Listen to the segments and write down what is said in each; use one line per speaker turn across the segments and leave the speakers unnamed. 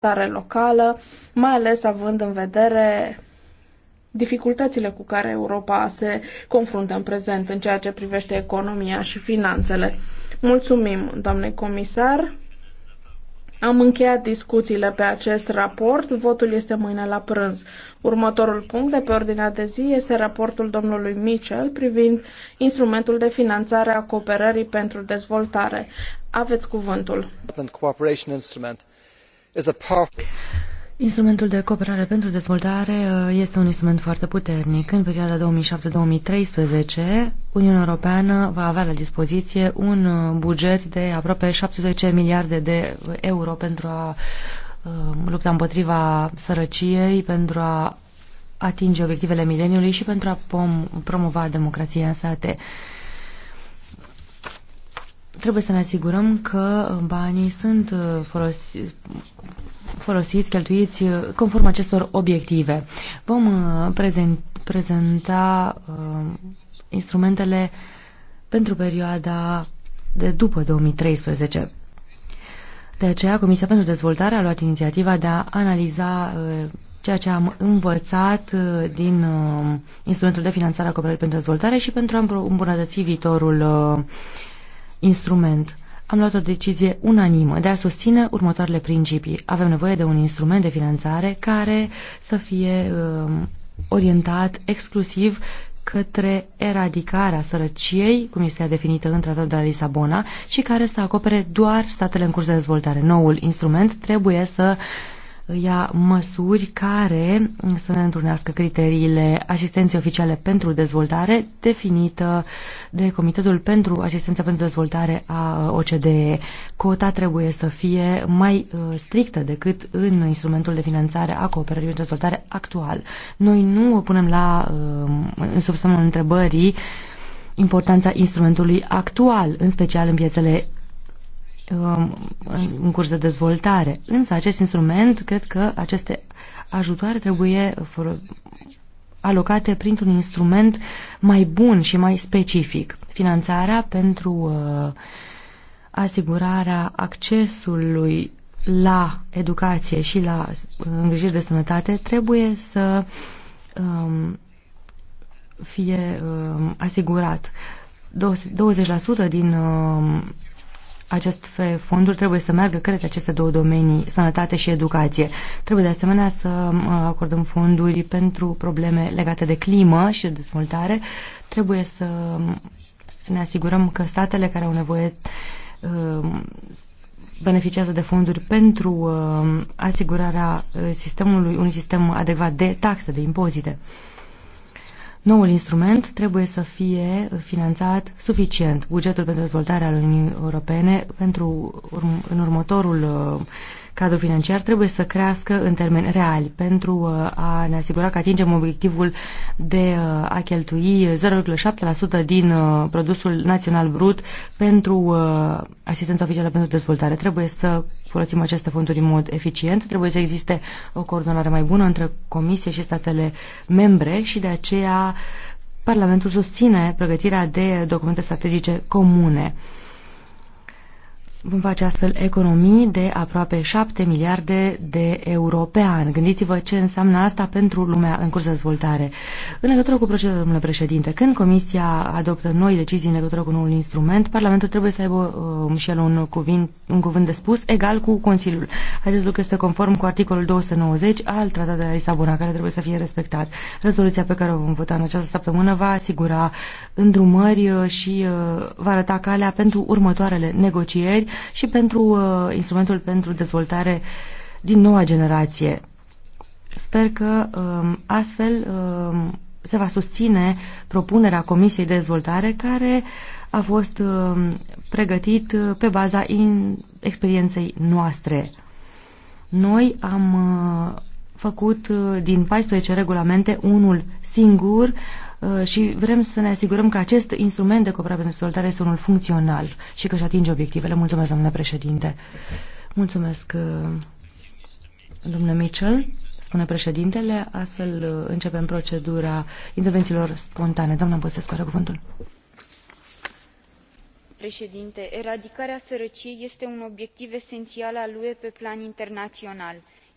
stare locală, mai ales având în vedere dificultățile cu care Europa se confruntă în prezent în ceea ce privește economia și finanțele. Mulțumim, doamne comisar. Am încheiat discuțiile pe acest raport. Votul este mâine la prânz. Următorul punct de pe ordinea de zi este raportul domnului Mitchell privind instrumentul de finanțare a cooperării pentru dezvoltare. Aveți cuvântul.
Instrumentul de cooperare pentru dezvoltare uh, este un instrument foarte puternic. În perioada 2007-2013, Uniunea Europeană va avea la dispoziție un uh, buget de aproape 70 miliarde de euro pentru a uh, lupta împotriva sărăciei, pentru a atinge obiectivele mileniului și pentru a promova democrația în sate. Trebuie să ne asigurăm că banii sunt uh, folosi, folosiți, cheltuiți uh, conform acestor obiective. Vom uh, prezent, prezenta uh, instrumentele pentru perioada de după 2013. De aceea, Comisia pentru Dezvoltare a luat inițiativa de a analiza uh, ceea ce am învățat din uh, instrumentul de finanțare a cooperării pentru dezvoltare și pentru a îmbunătăți viitorul uh, instrument. Am luat o decizie unanimă de a susține următoarele principii. Avem nevoie de un instrument de finanțare care să fie uh, orientat exclusiv către eradicarea sărăciei, cum este ea definită în tratatul de la Lisabona, și care să acopere doar statele în curs de dezvoltare. Noul instrument trebuie să uh, ia măsuri care să ne întrunească criteriile asistenței oficiale pentru dezvoltare definită de Comitetul pentru Asistența pentru Dezvoltare a uh, OCDE. Cota trebuie să fie mai uh, strictă decât în instrumentul de finanțare a cooperării pentru dezvoltare actual. Noi nu o punem la um, în sub întrebării importanța instrumentului actual, în special în piețele Um, în curs de dezvoltare. Însă acest instrument, cred că aceste ajutoare trebuie alocate printr-un instrument mai bun și mai specific. Finanțarea pentru uh, asigurarea accesului la educație și la uh, îngrijiri de sănătate trebuie să um, fie um, asigurat. 20% din aceste fonduri trebuie să meargă către aceste două domenii, sănătate și educație. Trebuie de asemenea să uh, acordăm fonduri pentru probleme legate de climă și de dezvoltare. Trebuie să um, ne asigurăm că statele care au nevoie um, beneficiază de fonduri pentru um, asigurarea uh, sistemului, unui sistem adecvat de taxe, de impozite. Noul instrument trebuie să fie finanțat suficient. Bugetul pentru dezvoltarea al Uniunii Europene pentru, în următorul uh, cadrul financiar trebuie să crească în termeni reali pentru uh, a ne asigura că atingem obiectivul de uh, a cheltui 0,7% din uh, produsul național brut pentru asistența oficială pentru dezvoltare. Trebuie să folosim aceste fonduri în mod eficient, trebuie să existe o coordonare mai bună între Comisie și statele membre și de aceea Parlamentul susține pregătirea de documente strategice comune. Vom face astfel economii de aproape 7 miliarde de euro pe an. Gândiți-vă ce înseamnă asta pentru lumea în curs de dezvoltare. În legătură cu procedura, domnule președinte, când Comisia adoptă noi decizii în legătură cu noul instrument, Parlamentul trebuie să aibă uh, și el un cuvânt, un cuvânt de spus egal cu Consiliul. Acest lucru este conform cu articolul 290 al Tratatului de la Lisabona, care trebuie să fie respectat. Rezoluția pe care o vom vota în această săptămână va asigura îndrumări uh, și uh, va arăta calea pentru următoarele negocieri și pentru uh, instrumentul pentru dezvoltare din noua generație. Sper că um, astfel um, se va susține propunerea Comisiei de Dezvoltare care a fost um, pregătit uh, pe baza in experienței noastre. Noi am uh, făcut uh, din 14 regulamente unul singur Uh, și vrem să ne asigurăm că acest instrument de cooperare pentru dezvoltare este unul funcțional și că își atinge obiectivele. Mulțumesc, domnule președinte. Mulțumesc, uh, domnule Mitchell, spune președintele. Astfel uh, începem procedura intervențiilor spontane. Doamna Băsescu, are cuvântul.
Președinte, eradicarea sărăciei este un obiectiv esențial al UE pe plan internațional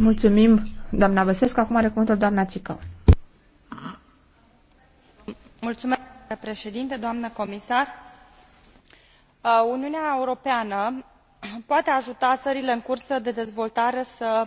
Mulțumim, doamna Băsescu. Acum are cuvântul doamna Țică.
Mulțumesc, președinte, doamnă comisar. Uh, Uniunea Europeană poate ajuta țările în curs de dezvoltare să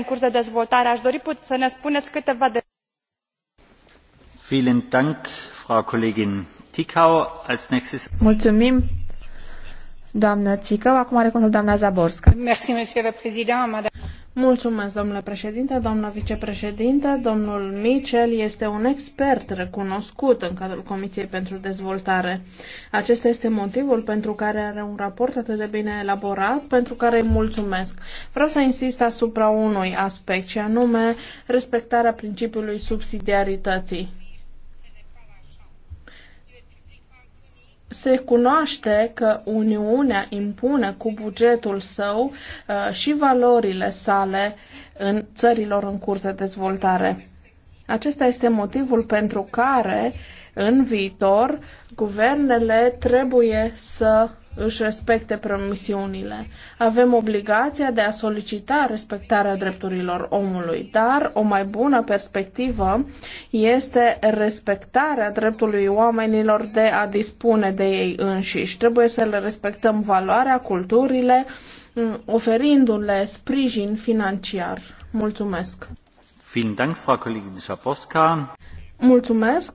în curs de dezvoltare a dori să ne spunei câteva
Mulțumim, doamnă Țicău. Acum are cuvântul doamna Zaborska. Mulțumesc, domnule președinte, doamna vicepreședinte. Domnul Michel este un expert recunoscut în cadrul Comisiei pentru Dezvoltare. Acesta este motivul pentru care are un raport atât de bine elaborat, pentru care îi mulțumesc. Vreau să insist asupra unui aspect, și anume respectarea principiului subsidiarității. se cunoaște că Uniunea impune cu bugetul său uh, și valorile sale în țărilor în curs de dezvoltare. Acesta este motivul pentru care, în viitor, guvernele trebuie să își respecte promisiunile. Avem obligația de a solicita respectarea drepturilor omului, dar o mai bună perspectivă este respectarea dreptului oamenilor de a dispune de ei înșiși. Trebuie să le respectăm valoarea, culturile, oferindu-le sprijin financiar. Mulțumesc! Mulțumesc!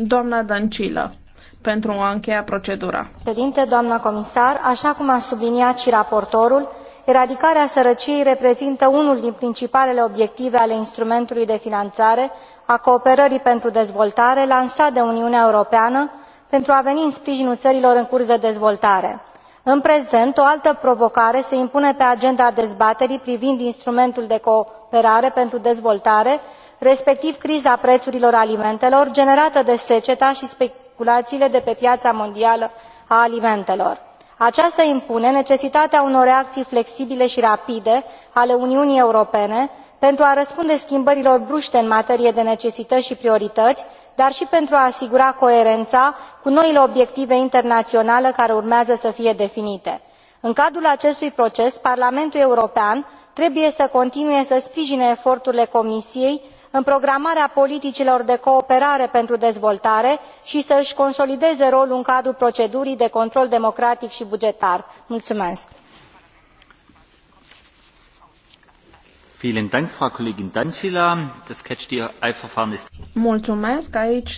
Doamna Dancilă pentru a încheia procedura. Președinte, doamna comisar, așa cum a subliniat și raportorul,
eradicarea sărăciei reprezintă unul din principalele obiective ale instrumentului de finanțare a cooperării pentru dezvoltare lansat de uniunea europeană pentru a veni în sprijinul țărilor în curs de dezvoltare. în prezent o altă provocare se impune pe agenda dezbaterii privind instrumentul de cooperare pentru dezvoltare respectiv criza prețurilor alimentelor generată de seceta și speculațiile de pe piața mondială a alimentelor. aceasta impune necesitatea unor reacții flexibile și rapide ale uniunii europene pentru a răspunde schimbărilor bruște în materie de necesități și priorități dar și pentru a asigura coerența cu noile obiective internaționale care urmează să fie definite în cadrul acestui proces parlamentul european trebuie să continue să sprijine eforturile comisiei în programarea politicilor de cooperare pentru dezvoltare și să își consolideze rolul în cadrul procedurii de control democratic și bugetar. mulțumesc.
mulțumesc aici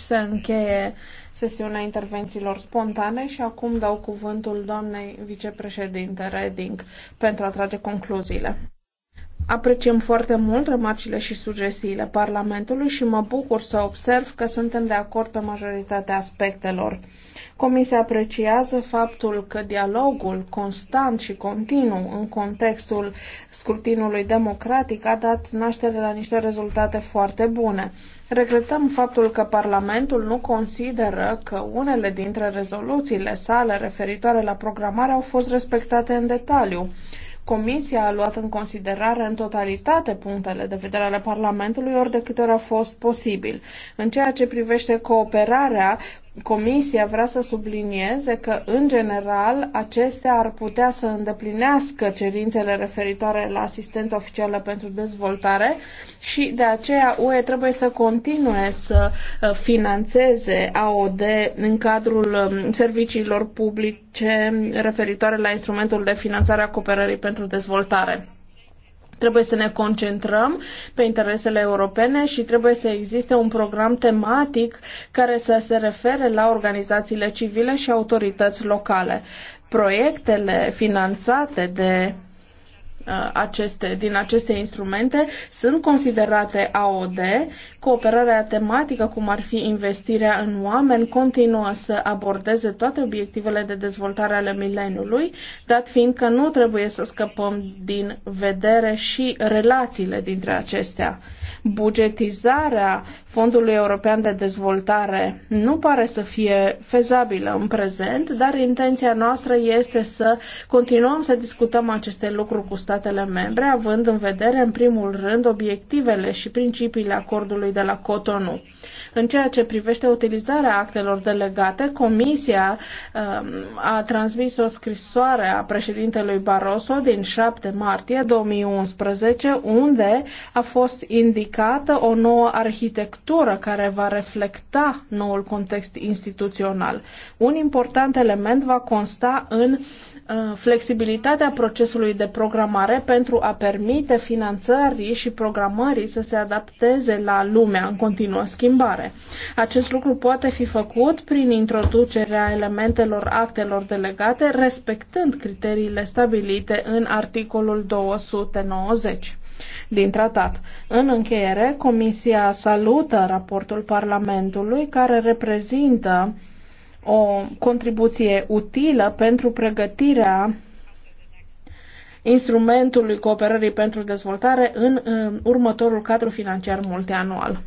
sesiunea intervențiilor spontane și acum dau cuvântul doamnei vicepreședinte Reding pentru a trage concluziile. Apreciem foarte mult remarcile și sugestiile Parlamentului și mă bucur să observ că suntem de acord pe majoritatea aspectelor. Comisia apreciază faptul că dialogul constant și continuu în contextul scrutinului democratic a dat naștere la niște rezultate foarte bune. Regretăm faptul că Parlamentul nu consideră că unele dintre rezoluțiile sale referitoare la programare au fost respectate în detaliu Comisia a luat în considerare în totalitate punctele de vedere ale Parlamentului ori de câte ori a fost posibil. În ceea ce privește cooperarea Comisia vrea să sublinieze că, în general, acestea ar putea să îndeplinească cerințele referitoare la asistența oficială pentru dezvoltare și, de aceea, UE trebuie să continue să uh, financeze AOD în cadrul um, serviciilor publice referitoare la instrumentul de finanțare a cooperării pentru dezvoltare. Trebuie să ne concentrăm pe interesele europene și trebuie să existe un program tematic care să se refere la organizațiile civile și autorități locale. Proiectele finanțate de Uh, aceste, din aceste instrumente sunt considerate AOD. Cooperarea tematică, cum ar fi investirea în oameni, continuă să abordeze toate obiectivele de dezvoltare ale mileniului, dat fiind că nu trebuie să scăpăm din vedere și relațiile dintre acestea bugetizarea Fondului European de Dezvoltare nu pare să fie fezabilă în prezent, dar intenția noastră este să continuăm să discutăm aceste lucruri cu statele membre, având în vedere, în primul rând, obiectivele și principiile acordului de la Cotonou. În ceea ce privește utilizarea actelor delegate, Comisia um, a transmis o scrisoare a președintelui Barroso din 7 martie 2011, unde a fost indicat ridicată o nouă arhitectură care va reflecta noul context instituțional. Un important element va consta în uh, flexibilitatea procesului de programare pentru a permite finanțării și programării să se adapteze la lumea în continuă schimbare. Acest lucru poate fi făcut prin introducerea elementelor actelor delegate, respectând criteriile stabilite în articolul 290 din tratat. În încheiere, Comisia salută raportul Parlamentului care reprezintă o contribuție utilă pentru pregătirea instrumentului cooperării pentru dezvoltare în, în următorul cadru financiar multianual.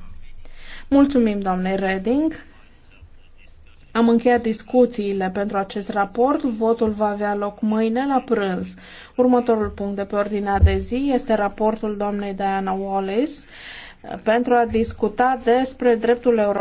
Mulțumim, doamnei Reding. Am încheiat discuțiile pentru acest raport. Votul va avea loc mâine la prânz. Următorul punct de pe ordinea de zi este raportul doamnei Diana Wallace pentru a discuta despre dreptul european